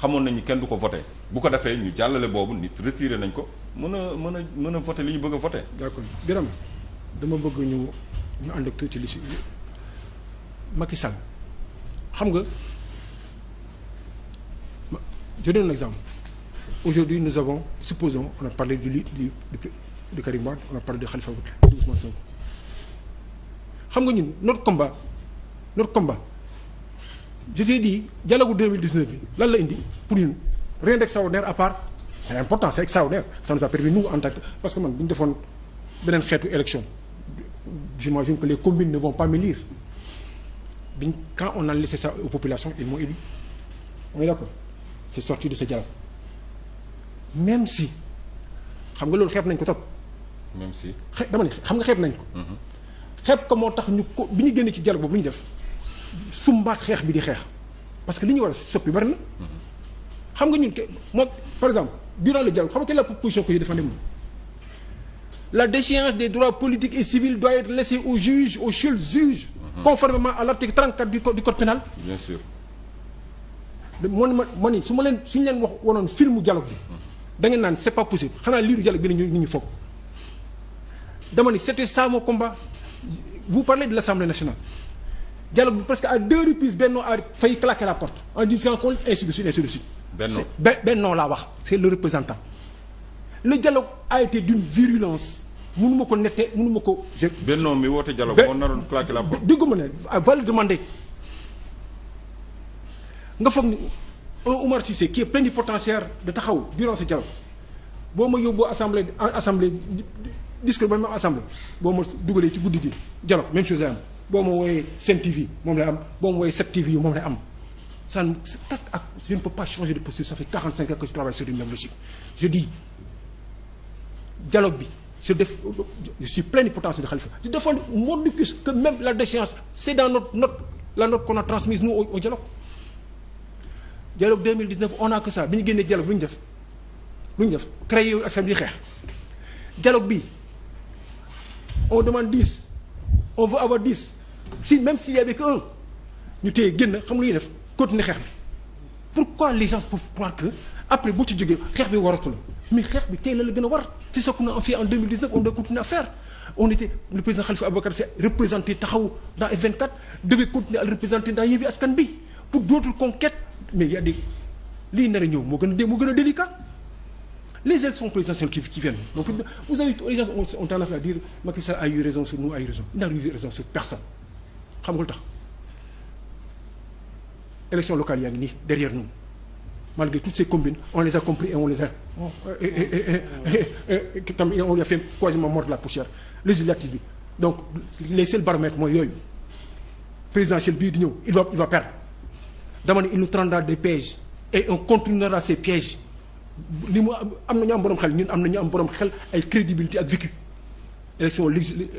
xamoon nañu kenn du ko voté bu ko defee ñu jàllale boobu nit retiré nañ ko mën a mën a mën a voté li ñu bëgg a voté. d'accord Birame dama bëgg ñu ñu ànd ak tuuti li si Macky xam nga ma je donne un exemple aujourd'hui nous avons supposons on a parlé du du du de Karim Wade on a parlé de Khalifa xam nga ñun notre combat notre combat. je t'ai dit dialogue 2019 bi lan la indi pour ñun rien d'extraordinaire à part c'est important c'est extraordinaire ça nous a en tant que parce que man bu defoon beneen xeetu élection j'imagine que les communes ne vont pas m'élire biñ quand on a laissé ça aux populations ils m'ont élu on est d'accord c'est même si xam nga loolu xeeb nañ ko topp. même si dama ne xam nga xeeb nañ ko. Mm-hmm. xeeb ko moo tax ñu ko bi ñu génne ci dialogue bu ñu def. sumbaat xeex bi di xeex parce que li ñu war a soppi bari na. xam nga ñun ke moom par exemple durant le dialogue xam nga quelle est la position que je défendais moom la déchéance des droits politiques et civils doit être laissée aux juges aux seuls juges. Mhm. conformément à l'article 34 du code du code pénal. bien ma ma ni su ma leen suñu leen wax wanoon filmu dialogue bi. Mhm. da ngeen naan c'est pas possible xanaa lii du dialogue bi la ñu ñu foog. dama ni c'était ça mon combat vous parlez dialogue bi presque à deux reprises Benno a failli claquer la porte en disant qu'on ainsi de suite ainsi Benno laa wax c'est le représentant le dialogue a été d'une virulence mënu ma ko nette mënu ma ko Benno mi woote dialogue moo naroon claquer la porte déggu ma ne va le demander nga foog ni Oumar Cissé qui est plénipotentiaire de taxaw durant ce dialogue boo ma yóbboo assemblée assemblée discours ba même assemblée boo ma dugalee ci guddi gi dialogue boo ma wooyee Sen TV moom lay am boo ma wooyee 7TV moom lay am ça ne parce que je ne peux pas changer de posture ça fait 45 ans que je travaille sur une même logique je dis dialogue bi je def je suis plénipotentiaire de Khalifa je défends mordicus que même la déchéance c'est dans notre note la note qu'on a transmise nous au dialogue dialogue 2019 on a que ça bi ñu génnee dialogue lu ñu def lu ñu def créé yooyu bi xeex dialogue bi on demande 10 on si même s'il y avait que un ñu téye génn xam lu ñuy def continuer xeex bi pourquoi les gens peuvent croire que après bu ci jógee xeex bi waratu la mais xeex bi tey la la gën a war c'est ce qu'on a fait en 2019 on doit continuer à faire on était le président Khalifa Ababacar s'est représenté taxaw dans F24 devait continuer à le représenter dans Yewwi Askan Wi pour d'autres conquêtes mais il y a lii nar ñëw moo gën a moo a délicat les élections présidentielles qui qui viennent donc xam nga lu tax élection locale yaa ngi nii derrière nous malgré toutes ces combines on les a compris et on les a tam on y fait quasiment mort la poussière législative bi donc les seuls baromètres mooy yooyu présidentielle bii di ñëw il va il va perdre dama ne il nous tendra des pièges et on continuera ces pièges li mu am na ñu am borom xel ñun am na ñu am borom xel ay crédibilité ak vécu élection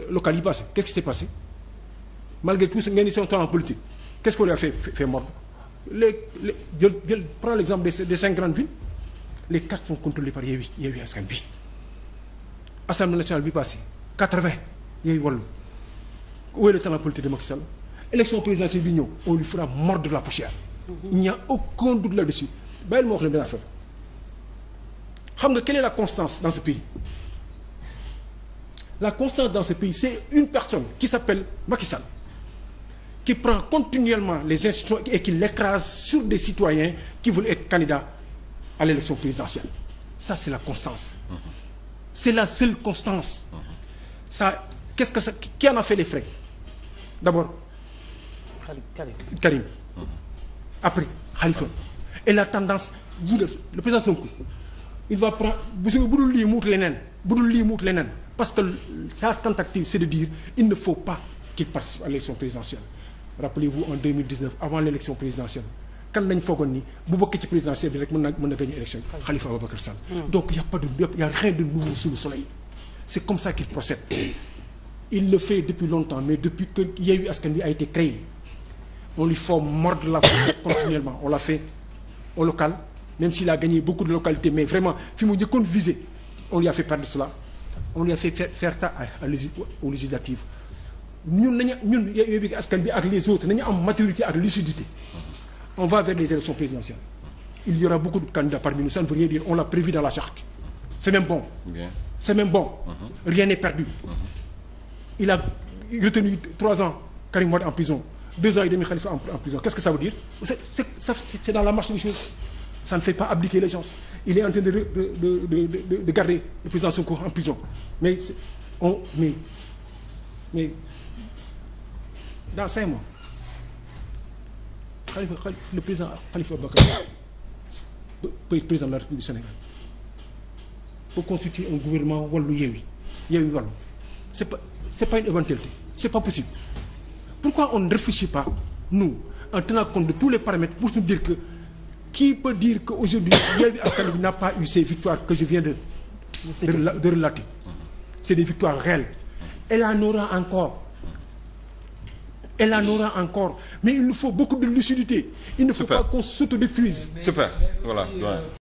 locale yi passé qu'est-ce qui s'est malgré tout ngeen di seen temps en politique qu'est-ce qu'on lui a fait fait mort les les jël jël prends l'exemple des des cinq grandes villes les quatre sont contrôlées par Yewwi Yewwi Askan Wi assemblée nationale bi passé quatre-vingt Yewwi Wallu où est talent politique de Macky Sall élection présidentielle bi ñëw on lui fera mordre la poussière il n'y a aucun doute là-dessus bàyyil ma wax la benn affaire xam nga quelle la constance dans ce pays la constance dans ce pays c'est une personne qui s'appelle Macky qui prend continuellement les institutions et qui l'écrase sur des citoyens qui veulent être candidats à l'élection présidentielle ça c'est la constance mm -hmm. c'est la seule constance mm -hmm. ça qu'est-ce que ça qui en a fait les frais d'abord Karim Karim mm -hmm. après Khalifa et la tendance bu le président Sonko il va prendre bu bu dul lii mu wut leneen bu dul lii mu wut leneen parce que sa tentative c'est de dire il ne faut pas qu'il participe à l'élection présidentielle rappelez-vous en 2019 avant l'élection présidentielle kan lañ foogoon ni bu bokkee ci présidentielle bi rek mën na mën na gagner élection yi Khalifa Ababacar Sall hmm. donc il a pas de il nouveau sous soleil c'est comme ça qu'il procède il le fait depuis longtemps mais depuis que Yewwi Askan Wi a été créé on lui faut mordre la peau continuellement on l'a fait au local même s'il a gagné beaucoup de localités mais vraiment fi mu njëkkoon visé on lui a fait perdre cela on ñun nañu ñun Yewwi Askan bi ak les autres nañu am maturité ak lucidité on va vers les élections présidentielles il y aura beaucoup de candidats parmi nous ça ne veut rien dire on l'a prévu dans la charte c'est même bon c'est même bon uh-huh. rien n'est perdu uh-huh. il a retenu trois ans Karim en prison deux ans et demi Khalifa en prison qu'est-ce que ça veut dire c'est c'est c'est dans la marche des choses ça ne fait pas abdiquer les gens il est en train de de de de de garder le président Sonko dans cinq mois Khalifa le président Khalifa Ababacar Sall président de la République du pour constituer un gouvernement Wallu Yewwi Yewwi Wallu c'est pas une éventualité c'est pas possible pourquoi on ne réfléchit pas nous en tenant compte de tous les paramètres pour nous dire que qui peut dire que aujourd'hui Yewwi Askan n'a pas eu ces victoires que je viens de relater c'est des victoires réelles elle en aura encore elle en aura encore mais il nous faut beaucoup de lucidité il ne faut Super. pas qu'on s'autodétruise. Super voilà.